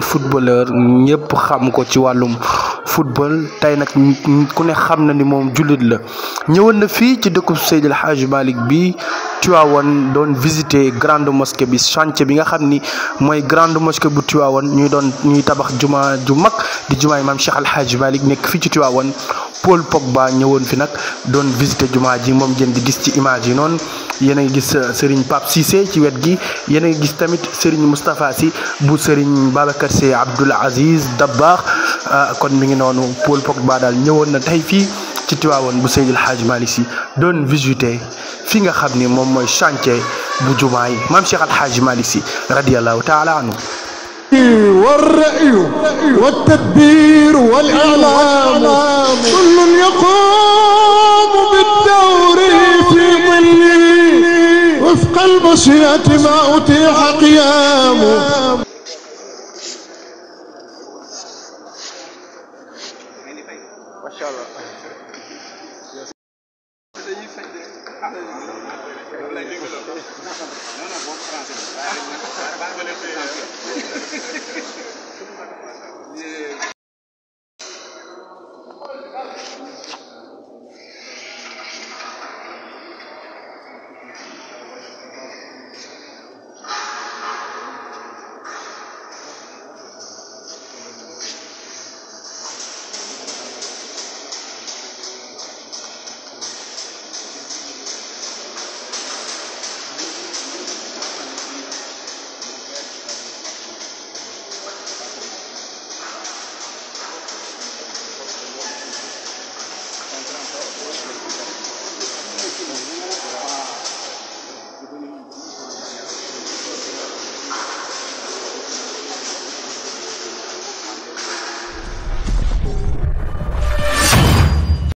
footballeur ñëpp xam ko ci wàllum football tey nag ku ne xam na ni moom jullit la ñëwoon na fii ci dëkku Seydil Hadj Malick bi Tiwaawan doon visiter grande mosquée bi chantier bi nga xam ni mooy grande mosquée bu Tiwaawan ñuy doon ñuy tabax juma ju mag di jumaay maam Cheikh Al Hadj nekk fii ci Tiwaawan Paul ba ñëwoon fi nag doon visiter juma ji moom ngeen di gis ci image yi noonu. yéen a ngi gis euh, Serigne Pape Cissé ci wet gi yéen ngi gis tamit Serigne Moustapha Sy bu Serigne Babacar Sy Abdoul Aziz Dabakh euh, kon mi ngi noonu Paul Pogba daal ñëwoon na tey fii ci Tiwaawoon bu Seydil Hadj Malick Sy doon visité fi nga xam ni moom mooy chance bu jumaay maam Cheikh Al Hadj Malick Sy radiyallahu taala anhu والرأي والتدبير والإعلام كل يقول نشيت ما أتيح قيامه Yeah.